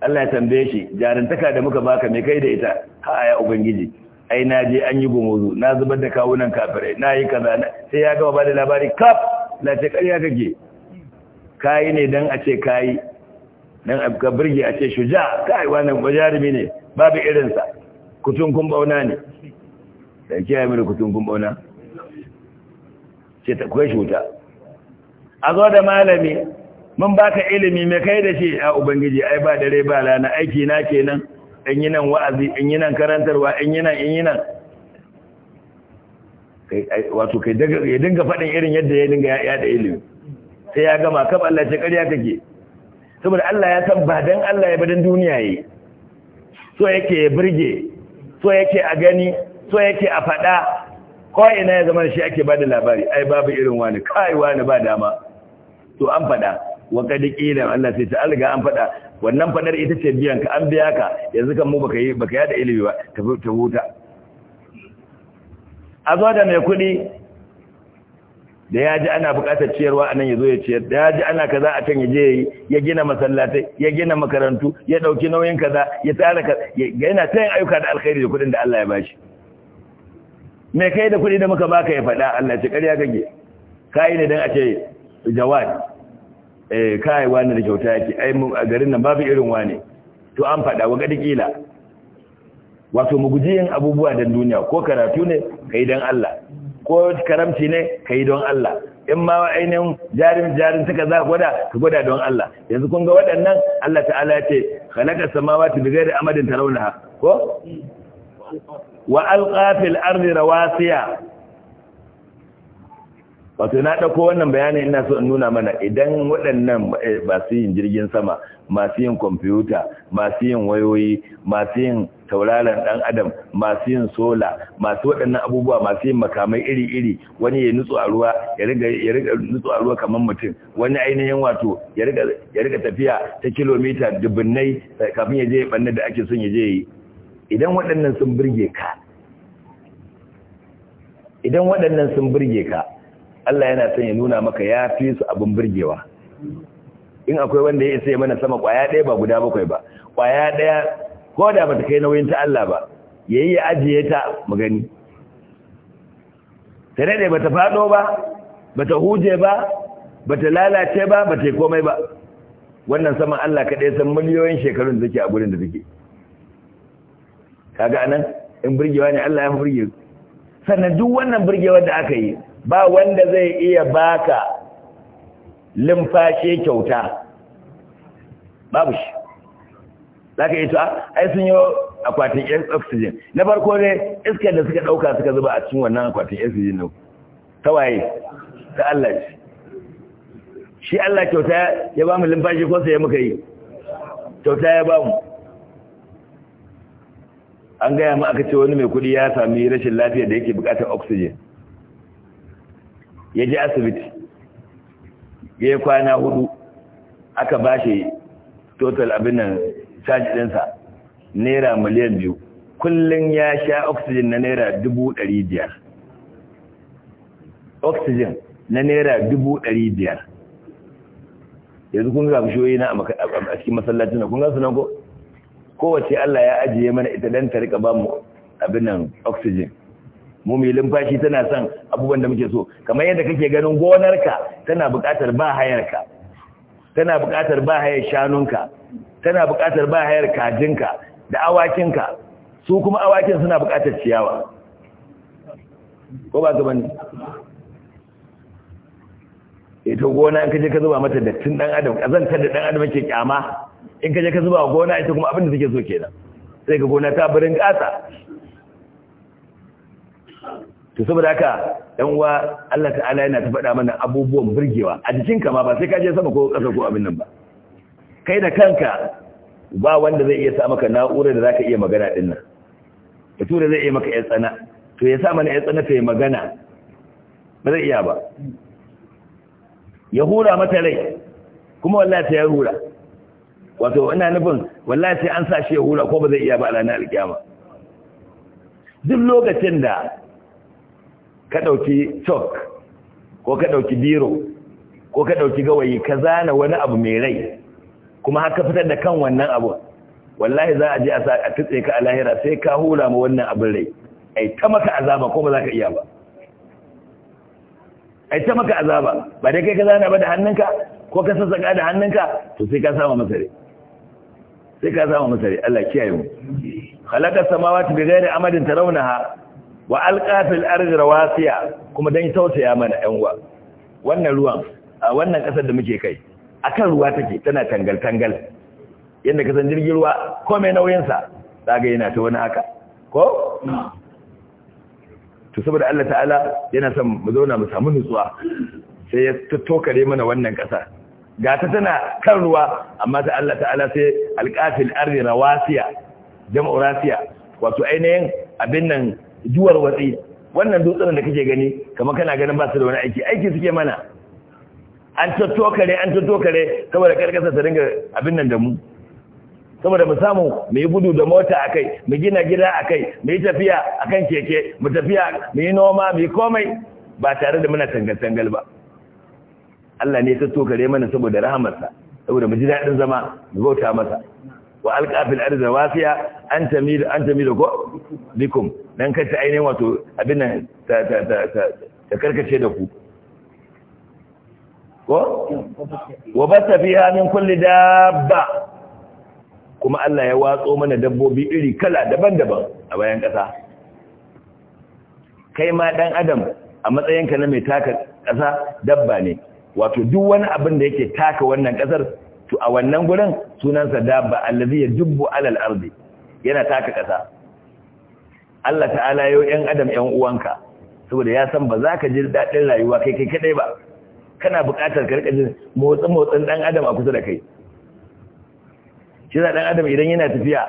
Allah ya tambaye shi jarantaka da muka baka mai kai da ita ha ya ubangiji ai na je an yi gumuzu na zubar da kawunan kafirai na yi kaza sai ya gaba ba da labari kaf ce ƙarya kake kayi ne don a ce kayi don a birge a ce shuja kai wannan jarumi ne babu irinsa kutun kun bauna ne da kiyaye mini kutun kun bauna ce ta kwashe wuta a zo da malami mun baka ilimi mai kai da shi a ubangiji ai ba dare ba lana aiki na kenan in yi nan wa'azi in yi nan karantarwa in yi nan in yi nan wato kai ya dinga faɗin irin yadda ya dinga ya da ilimi sai ya gama kaf Allah ce ƙarya kake saboda Allah ya san ba don Allah ya badan duniya yi so yake ya burge so yake a gani so yake a faɗa ina ya zama shi ake bada labari ai babu irin wani kai wani ba dama to an faɗa wa kadi kila Allah sai ta alga an faɗa wannan fadar ita ce biyan ka an biya ka yanzu kan mu baka yi baka yada ilimi ba ta huta da mai kuɗi da ya ji ana buƙatar ciyarwa a nan ya zo ya ciyar da ya ji ana kaza a can ya je ya yi ya gina masallatai ya gina makarantu ya ɗauki nauyin kaza ya tsara ka yana ta yin ayyuka da alkhairi da kuɗin da Allah ya bashi me kai da kuɗi da muka baka ya faɗa Allah ce ƙarya kake kai ne dan a ce jawad eh kai wani da kyauta yake ai mu a garin nan babu irin wani to an faɗa wa gadi kila wato mu guji yin abubuwa dan duniya ko karatu ne kai dan Allah ko karamci ne ka yi don Allah in ma ainihin jarin jarin suka za gwada ka gwada don Allah yanzu kun ga waɗannan Allah ta'ala ya ce khalaqa samawati bi ghairi amadin tarawnaha ko wa alqa ardi rawasiya wato na ɗauko wannan bayanin ina so in nuna mana idan waɗannan eh, masu yin jirgin sama masu yin kwamfuta masu yin wayoyi masu yin tauraron ɗan adam masu yin sola masu waɗannan abubuwa masu yin makamai iri-iri wani ya nutsu a ruwa ya riga nutsu a ruwa kamar mutum wani ainihin wato ya riga tafiya ta kilomita dubunnai kafin ya je ɓanna da ake son ya je yi idan waɗannan sun burge ka idan waɗannan sun burge ka Allah yana son ya nuna maka ya fi su abin burgewa in akwai wanda ya isa ya mana sama kwaya ɗaya ba guda bakwai ba kwaya ɗaya ko da ba ta kai nauyin ta Allah ba yayi ya ajiye ta mu gani daɗe ba bata faɗo ba bata huje ba bata lalace ba bata komai ba wannan saman Allah ɗaya san miliyoyin shekarun da a gurin da take kaga anan in burgewa ne Allah ya burge sannan duk wannan birgewar da aka yi ba wanda zai iya baka limfashe kyauta babu shi za ka yi ta ai sun yi akwatin yan oxygen na farko ne iskar da suka ɗauka suka zuba a cikin wannan akwatin yan oxygen nan ta waye ta Allah shi shi Allah kyauta ya ba mu limfashe ko sai muka yi kyauta ya ba mu an gaya mu aka ce wani mai kuɗi ya sami rashin lafiya da yake bukatar oxygen ya je asibiti ya yi kwana hudu aka ba shi total abin nan ɗinsa naira miliyan biyu kullum ya sha oxygen na naira dubu ɗari biyar oxygen na naira dubu ɗari biyar yanzu kun ga bishiyoyi na a cikin masallacin da kun ga sunan ko kowace Allah ya ajiye mana ita don ta rika ba mu abin nan oxygen mu mai limfashi tana son abubuwan da muke so kamar yadda kake ganin gonarka tana buƙatar ba hayarka tana buƙatar ba hayar shanunka tana buƙatar ba hayar kajinka da awakinka su kuma awakin suna buƙatar ciyawa ko ba gaban ita gona in kaje ka zuba mata dattin dan adam kazantar da dan adam yake kyama in kaje ka zuba gona ita kuma abin da take so kenan sai ka gona ta burin ƙasa. to saboda haka yan uwa Allah ta'ala yana ta faɗa mana abubuwan burgewa a jikin ka ma ba sai ka je sama ko ƙasa ko abin nan ba kai da kanka ba wanda zai iya sa maka na'urar da zaka iya magana din nan da tura zai iya maka ƴan tsana to ya sa mana ƴan tsana ta yi magana ba zai iya ba ya hura mata rai kuma wallahi ta ya hura wato ina nufin wallahi sai an sa shi ya hura ko ba zai iya ba a ranar alkiyama duk lokacin da ka ɗauki chalk ko ka ɗauki biro ko ka ɗauki gawayi ka zana wani abu mai rai kuma haka fitar da kan wannan abu wallahi za a je a tutse ka a lahira sai ka hura ma wannan abin rai ai ta maka azaba ko ba za ka iya ba ai ta maka azaba ba dai kai ka zana ba da hannunka ko ka sassaka da hannunka to sai ka samu masare sai ka samu masare Allah kiyaye mu khalaqa samawati bi amadin tarawnaha wa alƙafil arzira wasiya kuma don tausaya mana uwa. wannan ruwan a wannan ƙasar da muke kai a kan ruwa take tana tangal-tangal yadda san jirgin ruwa ko komai nauyinsa zaga yana ta wani haka ko? to saboda Allah ta'ala yana son mu zauna mu samu nutsuwa sai ya tattokare mana wannan ƙasa ga ta tana kan ruwa amma ta Allah ta'ala sai alƙafil arzira wasiya jam'urasiya wato ainihin abin nan juwar watsi wannan dutsen da kake gani kamar kana ganin ba su da wani aiki aiki suke mana an tatto kare, an tatto kare, saboda karkasa ta dinga abin nan da mu saboda mu samu mu yi gudu da mota a kai mu gina gida a kai mu yi tafiya a kan keke mu tafiya mu yi noma mu yi komai ba tare da muna tangal-tangal ba Allah ne ya tatto kare mana saboda rahamarsa saboda mu ji daɗin zama mu bauta masa wa alƙafin arzikin wasiya an da an tamilu ko bikum dan kace ainihin wato abin nan ta ta ta ta karkace da ku ko wabata fiha min kulli dabba kuma Allah ya watso mana dabbobi iri kala daban-daban a bayan ƙasa kai ma dan adam a matsayinka na mai taka ƙasa dabba ne wato duk wani abin da yake taka wannan ƙasar to a wannan gurin sunansa dabba allazi yadubbu alal ardi yana taka kasa Allah ta'ala yau ‘yan adam ‘yan uwanka saboda ya san ba za ka ji daɗin rayuwa kai kai kaɗai ba kana buƙatar jin motsin-motsin ɗan adam a kusa da kai shi za ɗan adam idan yana tafiya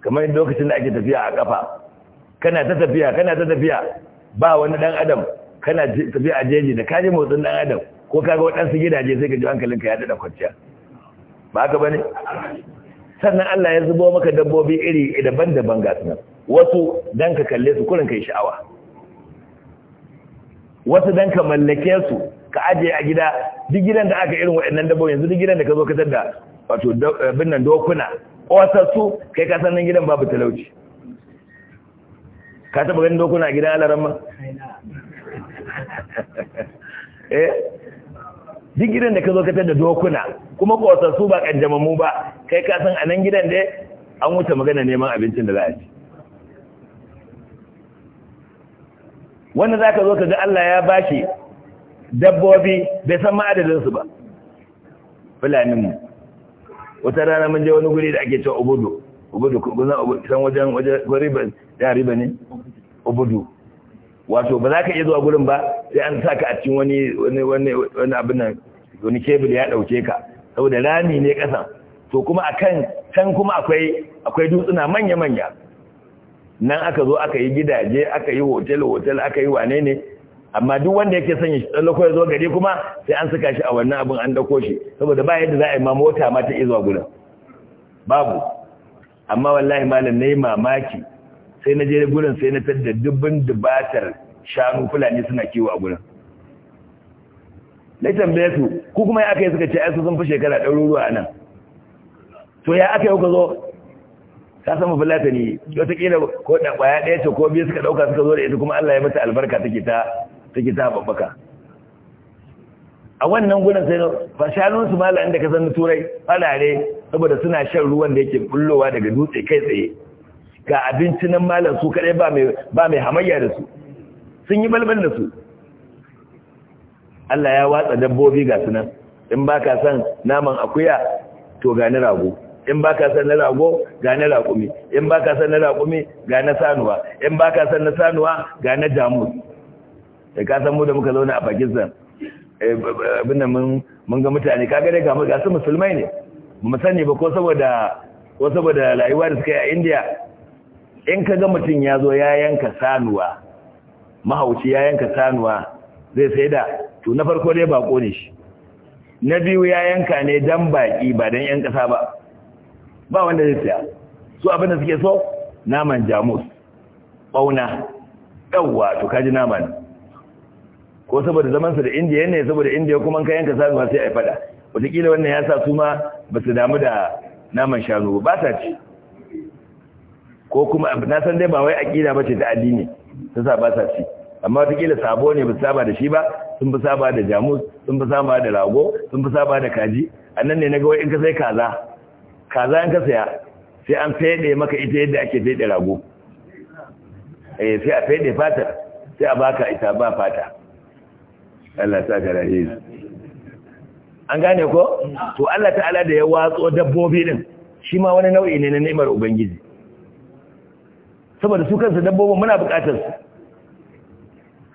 kamar lokacin da ake tafiya a ƙafa kana ta tafiya kana ta tafiya ba wani ɗan adam kana tafiya a jeji da kaji motsin ɗan adam ko kaga waɗansu gidaje sai ka ji hankalinka ya daɗa kwanciya ba haka ba ne sannan Allah ya zubo maka dabbobi iri daban-daban ga sunan wasu dan ka kalle su kurin kai sha'awa wasu dan ka mallake su ka aje a gida duk gidan da aka irin waɗannan dabbobi yanzu duk gidan da ka zo ka tada wato bin nan dokuna su kai ka san gidan babu talauci ka taba ganin dokuna a gidan alaran ma eh duk gidan da ka zo katar da dokuna kuma su ba kanjamamu ba kai ka san a nan gidan da an wuce magana neman abincin da za a ci wanda za ka zo ka ga Allah ya bashi dabbobi bai san ma'adadinsu ba fulaninmu wata rana mun je wani guri da ake cewa ubudu ubudu kuna san wajen wajen ya riba ne ubudu wato ba za ka iya zuwa gurin ba sai an saka a cikin wani wani wani wani abin nan wani kebul ya ɗauke ka saboda rami ne ƙasa to kuma a kan can kuma akwai dutsuna manya-manya nan aka zo aka yi gidaje aka yi hotel-hotel aka yi wane ne amma duk wanda yake sanya ya tsallako ya zo gari kuma sai an suka shi a wannan abin an dako shi saboda ba yadda za a yi ma mota ma ta izuwa gudan babu amma wallahi malam na yi mamaki sai na je gurin sai na fadda da dubbin dubatar shanu fulani suna kiwo a gurin na tambaye su ku kuma ya aka yi suka ce ai su sun fi shekara ɗaruruwa a nan to ya aka yi kuka zo ka san mafilata ne watakila ko da ƙwaya ɗaya ce ko biyu suka ɗauka suka zo da ita kuma Allah ya mata albarka take ta take ta babbaka a wannan gudun sai ba su mala inda ka san turai farare saboda suna shan ruwan da yake bullowa daga dutse kai tsaye ga abinci nan malam su kaɗai ba mai hamayya da su sun yi balbal da su Allah ya watsa dabbobi ga sunan in baka san naman akuya to ga ni rago in baka san na rago ga ni raƙumi in baka san na raƙumi ga na sanuwa in baka san na sanuwa ga na jamus da eh, ka san mu da muka zauna a Pakistan eh, abin mun mun ga mutane kaga dai kamar ga su musulmai ne mu sani ba ko saboda ko saboda rayuwa da suka yi a India in ga mutum ya zo ya yanka sanuwa mahauci ya yanka sanuwa zai sai da to na farko dai bako ne shi na biyu ya yanka ne dan baki ba dan yan kasa ba ba wanda zai saya su abinda suke so naman jamus bauna yawwa to kaji naman ko saboda zaman su da indiya ne saboda indiya kuma kan yanka sabuwa sai ai fada wataƙila wannan ya sa su ma ba su damu da naman shanu ba sa ci ko kuma na san dai ba wai aƙida ba ce ta addini ta sa ba sa ci amma da sabo ne ba saba da shi ba sun fi saba da jamus sun fi saba da rago sun fi saba da kaji annan nan ne na wai in ka sai kaza kaza in ka saya sai an fede maka ita yadda ake fede rago eh sai a fede fata sai a baka ita ba fata Allah ta ga rahi an gane ko to Allah ta'ala da ya watso dabbobi din shi ma wani nau'i ne na ni'imar ubangiji saboda su kansu dabbobin muna bukatar su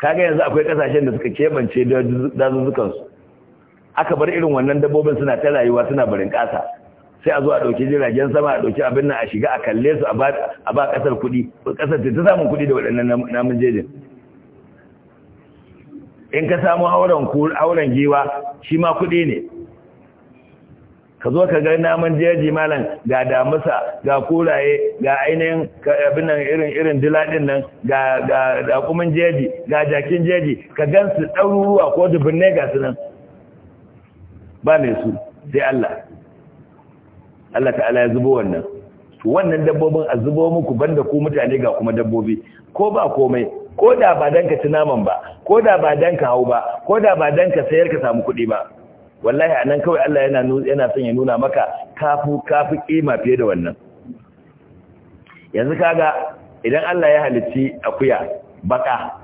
kaga yanzu akwai kasashen da suka kebance dazuzzukansu aka bar irin wannan dabbobin suna ta rayuwa suna barin kasa sai a zo a dauki jiragen sama a ɗauki abin nan a shiga a kalle su a ba kasar kuɗi ƙasar ta samun kuɗi da waɗannan namun jejin in ka samu auren giwa shi ma kuɗi ne ka zo ka ga namun jeji malam ga damusa ga kuraye ga ainihin abin nan irin irin diladin nan ga ga kuma jeji ga jakin jeji ka gansu ɗaruruwa ko dubinne ga su nan ba ne su sai Allah Allah ta'ala ya zubo wannan wannan dabbobin a zubo muku banda ku mutane ga kuma dabbobi ko ba komai ko da ba dan ka ci naman ba ko da ba dan ka hau ba ko da ba dan ka sayar ka samu kuɗi ba wallahi anan kawai Allah yana yana son ya nuna maka kafu kafi kima fiye da wannan yanzu kaga idan Allah ya halicci akuya baka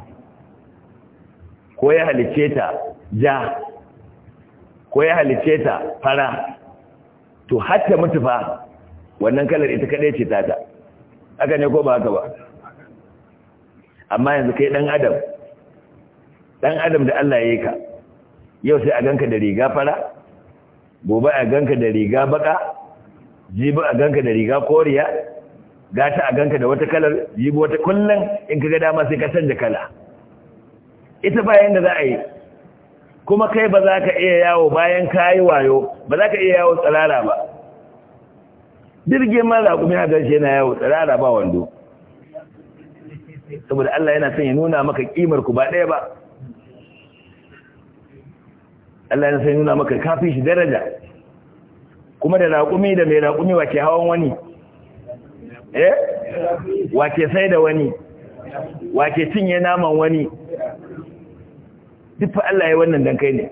ko ya halicce ta ja ko ya halicce ta fara to hatta mutu fa wannan kalar ita kadai ce tata haka ne ko ba haka ba amma yanzu kai dan adam dan adam da Allah ya yi ka yau sai a ganka da riga fara gobe a ganka da riga baka jibi a ganka da riga koriya gata a ganka da wata kalar jibi wata kullum in ka gada masu sai ka canza kala ita bayan da za a yi kuma kai ba za ka iya yawo bayan ka yi wayo ba za ka iya yawo tsirara ba jirgin mara kuma ya ganshe yana yawo tsirara ba wando saboda Allah yana son ya nuna maka kimar ku ba ɗaya ba Allah ya san nuna maka kafi shi daraja kuma da raƙumi da mai raƙumi wace hawan wani eh wace sai da wani wace cinye naman wani duk fa Allah ya wannan dan kai ne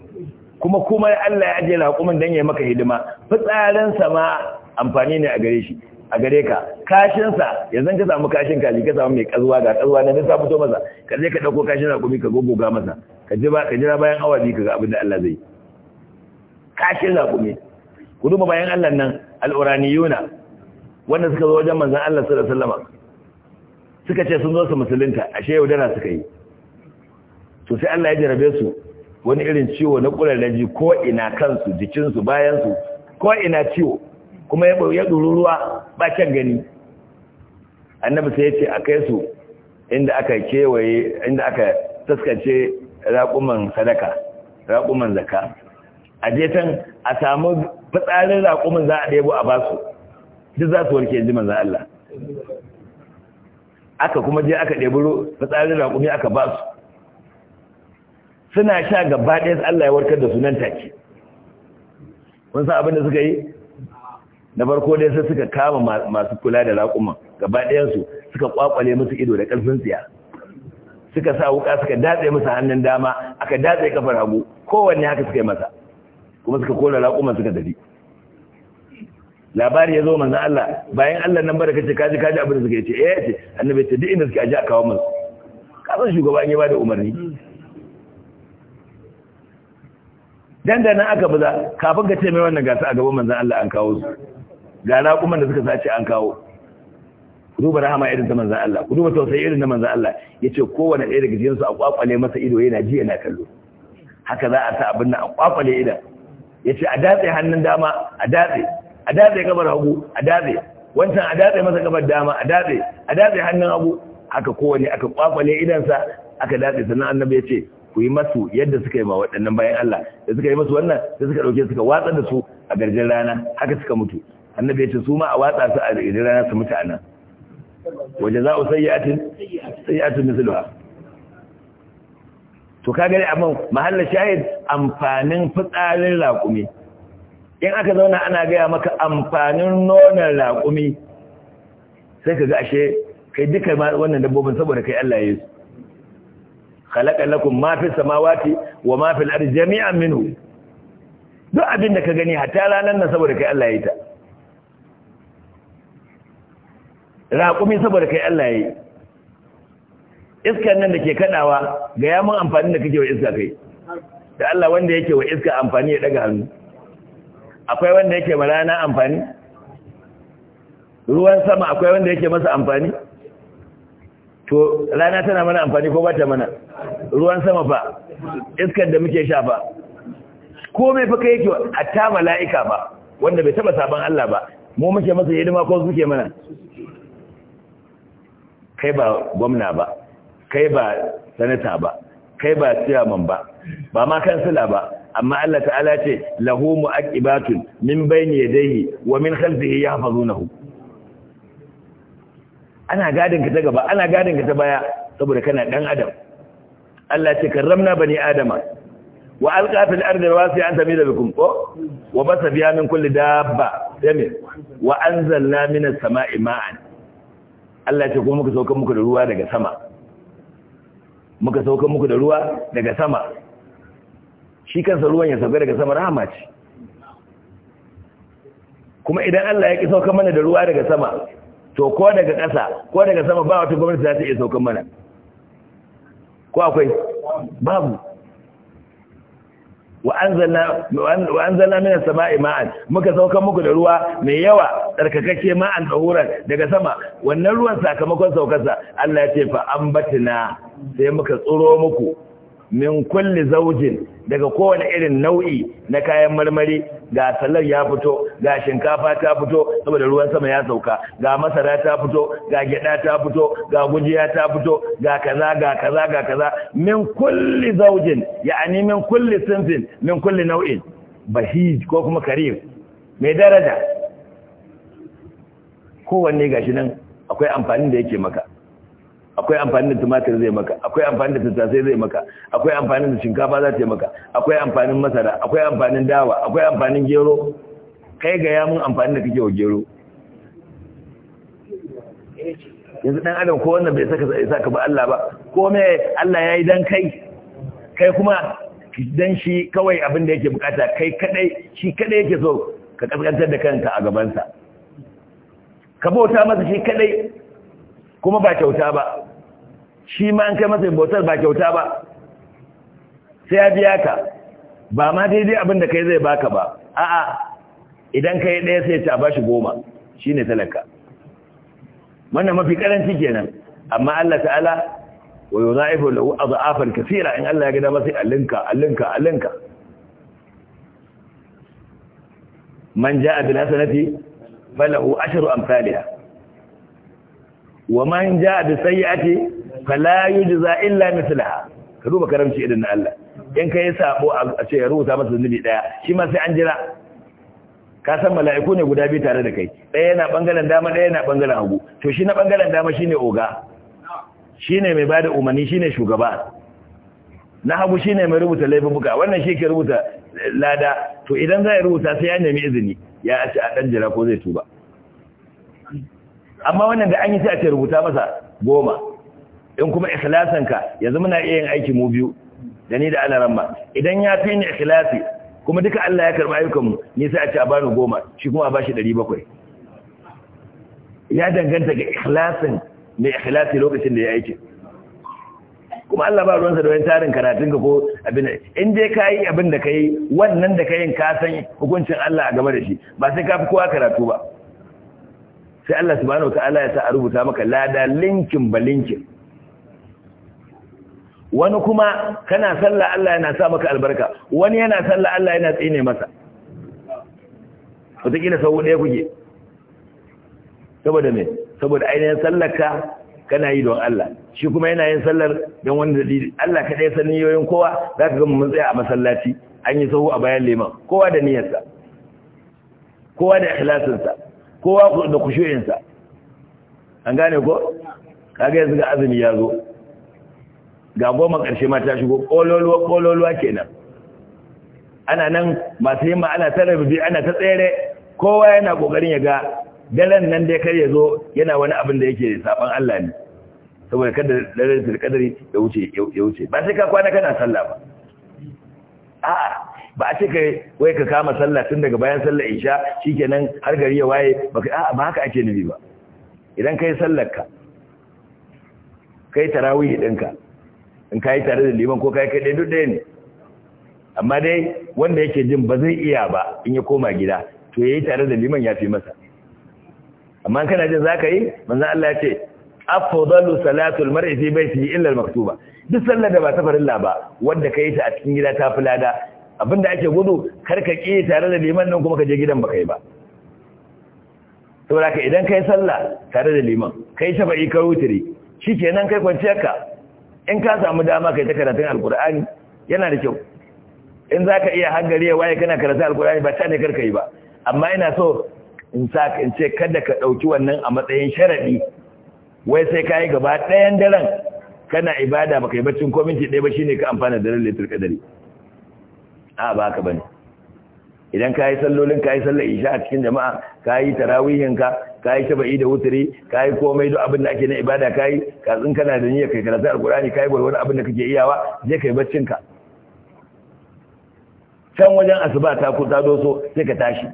kuma kuma Allah ya ajiye raƙumin dan ya maka hidima fitsarin sama amfani ne a gare shi a gare ka kashinsa yanzu ka samu kashin kaji ka samu mai kazuwa ga kazuwa na sai fito masa ka je ka ɗauko kashin kuma ka gogoga masa ka jira bayan awa biyu ka ga abin Allah zai kashin kuma ku duba bayan Allah nan al-uraniyuna wanda suka zo wajen manzan Allah sallallahu alaihi wasallam suka ce sun zo su musulunta ashe yaudara suka yi to sai Allah ya jarabe su wani irin ciwo na kurarraji ko ina kansu jikinsu bayansu ko ina ciwo kuma ya ɗuru ruwa ba kyan gani annabi sai ya ce a kai su inda aka kewaye inda aka taskace raƙuman sadaka raƙuman zaka a jetan a samu fitsarin raƙuman za a ɗebo a basu duk za su warke ji manzan Allah aka kuma je aka ɗebo fitsarin raƙumi aka basu suna sha gaba ɗaya Allah ya warkar da su nan take kun san abin da suka yi na farko dai sai suka kama masu kula da raƙuman gaba ɗayansu suka kwakwale musu ido da ƙarfin tsiya suka sa wuka suka datse musu hannun dama aka datse kafar hagu kowanne haka suka yi masa kuma suka kora raƙuman suka tafi labari ya zo manzan Allah bayan Allah nan baraka ce kaji kaji abin da suka ce eh ce annabi ta duk inda suka aje a kawo musu san shugaba an yi bada umarni dan da aka baza kafin ka ce mai wannan gasa a gaban manzan Allah an kawo su ga raƙuman da suka sace an kawo ku duba rahama irin ta manzan Allah ku duba tausayi irin na manzan Allah ya ce kowane ɗaya daga cikinsu a kwakwale masa ido yana ji yana kallo haka za a sa abin nan a kwakwale ido ya ce a datse hannun dama a datse a datse gabar hagu a datse wancan a datse masa gabar dama a datse a datse hannun hagu haka kowane aka kwakwale idansa aka datse sannan annabi ya ce ku yi masu yadda suka yi ma waɗannan bayan Allah da suka yi masu wannan da suka ɗauke suka watsar da su a garjin rana haka suka mutu annabi ya ce su ma a watsa su a idan rana su mutu anan waje za'u sayyatin sayyatin misluha to ka gani abin mahalla shahid amfanin fitsarin raƙumi in aka zauna ana gaya maka amfanin nonon raƙumi sai ka ga ashe kai duka wannan dabbobin saboda kai Allah ya yi su khalaqa lakum ma fi samawati wa ma al ardi jami'an minhu duk abin da ka gani hatta ranan nan saboda kai Allah ya yi ta raƙumi saboda kai Allah ya yi iskan nan da ke kadawa ga yamin amfani da kake wa iska kai da Allah wanda yake wa iska amfani ya daga hannu akwai wanda yake ma rana amfani ruwan sama akwai wanda yake masa amfani to rana tana mana amfani ko bata mana ruwan sama fa iskan da muke sha fa mai fa kai yake hatta mala'ika ba wanda bai taba saban Allah ba mu muke masa hidima ko suke mana kai ba gwamna ba kai ba sanata ba kai ba ciyaman ba ba ma kansila ba amma Allah ta'ala ce lahu mu'aqibatun min bayni yadayhi wa min khalfihi yahfazunahu ana gadin ka ta gaba ana gadin ka ta baya saboda kana dan adam Allah ce karramna bani adama wa alqa fil ardi rawasi an tamida bikum ko wa basa biya min kulli dabba yami wa anzalna minas sama'i ma'an Allah ce ko muka sauka muku da ruwa daga sama muka sauka muku da ruwa daga sama shi kansa ruwan ya sauka daga sama rahama ce kuma idan Allah ya ki sauka mana da ruwa daga sama to ko daga ƙasa ko daga sama ba wata gwamnati za ta iya saukan mana ko akwai babu wa anzalna sama'i ma'an muka saukan muku da ruwa mai yawa tsarkakakke ma'an tsahuran daga sama wannan ruwan sakamakon saukasa Allah ya ce fa ambatna sai muka tsoro muku min kulli zaujin daga kowane irin nau'i na kayan marmari ga salar ya fito ga shinkafa ta fito saboda ruwan sama ya sauka ga masara ta fito ga gyada ta fito ga gujiya ta fito ga kaza ga kaza ga kaza min kulli zaujin ya'ani min kulli sinfin min kulli nau'in bahij ko kuma karim mai daraja kowanne gashi nan akwai amfani da yake maka akwai amfani da tumatir zai maka akwai amfani da tattasai zai maka akwai amfani da shinkafa za ta maka akwai amfanin masara akwai amfanin dawa akwai amfanin gero kai ga ya mun amfani da kake wa gero yanzu dan adam ko wannan bai saka sai saka ba Allah ba ko me Allah yayi dan kai kai kuma dan shi kawai abin da yake bukata kai kadai shi kadai yake so ka kaskantar da kanka a gaban sa ka bauta masa shi kadai kuma ba kyauta ba shi ma an kai masa bautar ba kyauta ba sai ya biya ka ba ma daidai abin da kai zai baka ba a'a idan kai ɗaya sai ta bashi goma shine talaka wannan mafi karanci kenan amma Allah ta'ala wa yuzaifu lahu adhafan kaseera in Allah ya gida masa allinka allinka allinka man jaa bil hasanati falahu ashru amsalha wa man jaa bi sayyi'ati fala yujza illa mithlaha ka duba karamci irin na Allah in kai sabo a ce ya rubuta masa zunubi daya shi ma sai an jira ka san mala'iku ne guda biyu tare da kai ɗaya yana bangaren dama ɗaya yana bangaren hagu to shi na bangaren dama shine oga shine mai bada umarni shine shugaba na hagu shine mai rubuta laifuka wannan shi ke rubuta lada to idan za ya rubuta sai ya nemi izini ya a ci a ɗan jira ko zai tuba amma wannan da an yi sai a ce rubuta masa goma in kuma ikhlasanka yanzu muna iya yin aiki mu biyu da ni da ramma. idan ya fi ni ikhlasi kuma duka Allah ya karɓi ayyukanmu ni sai a ce a bani goma shi kuma a bashi ɗari bakwai ya danganta ga ikhlasin mai ikhlasi lokacin da ya aiki kuma Allah ba ruwansa da wani tarin karatun ka ko abin in dai ka yi abin da ka yi wannan da ka yin ka san hukuncin Allah a game da shi ba sai ka fi kowa karatu ba sai Allah subhanahu wataala ya sa a rubuta maka lada linkin ba linkin wani kuma kana sallah Allah yana sa maka albarka wani yana sallah Allah yana tsine masa wataƙila sau ɗaya kuke saboda me saboda ainihin sallarka kana yi don Allah shi kuma yana yin sallar don wani da Allah ka ɗaya san yoyin kowa za ka gama mun tsaya a masallaci an yi sahu a bayan leman. kowa da niyyarsa kowa da ikhlasinsa kowa da kushu'insa an gane ko kaga yanzu ga azumi ya zo ga goma ƙarshe ma ta shigo ƙololuwa kenan ana nan masu yamma ana ta rabibi ana ta tsere kowa yana ƙoƙarin ya ga daren nan da ya ya zo yana wani abin da yake saban Allah ne saboda kada da kadari ya wuce ya wuce ba sai ka kwana kana sallah ba a'a ba a ce kai wai ka kama sallah tun daga bayan sallar isha shikenan har gari ya waye ba ka a ba haka ake nufi ba idan kai sallar ka kai tarawih ɗinka in kai tare da liman ko kai kai dai duk ɗaya ne amma dai wanda yake jin ba zai iya ba in ya koma gida to yayi tare da liman ya fi masa amma kana jin zaka yi manzo Allah ya ce afdalu salatul mar'i fi baytihi illa al-maktuba duk sallar da ba ta farilla ba wanda kai ta a cikin gida ta fi lada Abin da ake gudu kar ka ƙi tare da liman nan kuma ka je gidan ba kai ba saboda ka idan kai sallah tare da liman kai shafa'i ka wutiri nan kai ka. in ka samu dama kai ta karatun alkur'ani yana da kyau in za ka iya hangare waye kana karatun alkur'ani ba ta ne karka yi ba amma ina so in sa in ce kada ka ɗauki wannan a matsayin sharaɗi wai sai ka yi gaba ɗayan daren kana ibada ba kai baccin kwaminti ɗaya ba shine ka amfana da lalle turkadari a ba ka bane idan ka yi sallolin ka yi sallar isha a cikin jama'a ka yi tarawihinka ka yi shaba'i da wuturi ka yi komai duk abin da ake na ibada ka yi katsin kana da niyyar kai karatu alkurani ka yi wani abin da kake iyawa je ka yi baccinka can wajen asuba ta ku ta doso sai ka tashi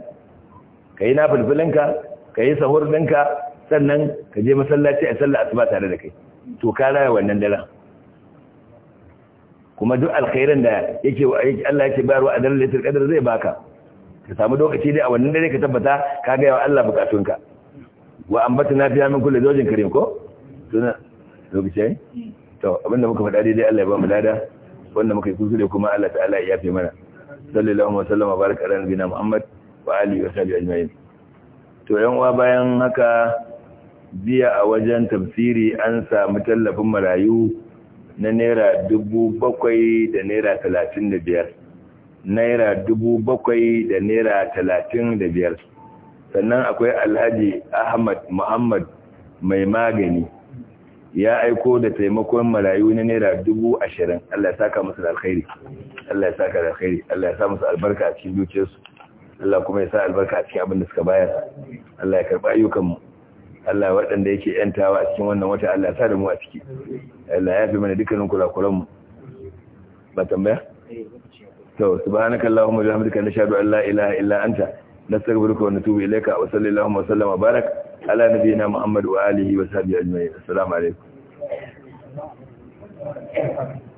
ka yi na fulfilinka ka yi sahur ɗinka sannan ka je masallaci a sallar asuba tare da kai to ka raya wannan daren kuma duk alkhairin da yake Allah yake bayarwa a daren laitar kadar zai baka ka samu lokaci dai a wannan dare ka tabbata ka ga yawa Allah bukatunka wa ambatna fiya min kulli zawjin karim ko tuna lokaci to abinda muka faɗa dai Allah ya ba mu dada wanda muka yi kusure kuma Allah ta'ala ya yafe mana sallallahu wa wa baraka ala nabiyina muhammad wa alihi wa sahbihi ajma'in to yan uwa bayan haka biya a wajen tafsiri an samu tallafin marayu na naira dubu bakwai da naira talatin da biyar naira dubu bakwai da naira talatin da biyar sannan akwai alhaji ahmad muhammad mai magani ya aiko da taimakon marayu na naira dubu ashirin Allah ya saka musu alkhairi Allah ya saka alkhairi Allah ya sa musu albarka a cikin dukiyarsu Allah kuma ya sa albarka a cikin abin da suka bayar Allah ya karɓi ayyukanmu Allah waɗanda yake ‘yantawa a cikin wannan wata Allah sa da mu a ciki, Allah ya fi mana dukkanin mu. Ba tambaya? To, subhanaka wa bihamdika nashhadu an la ilaha illa anta nastaghfiruka wa natubu ilayka wa sallallahu wa sallama barak ala nabiyyina Muhammad wa alihi wa sahbihi ajma'in. Assalamu alaikum.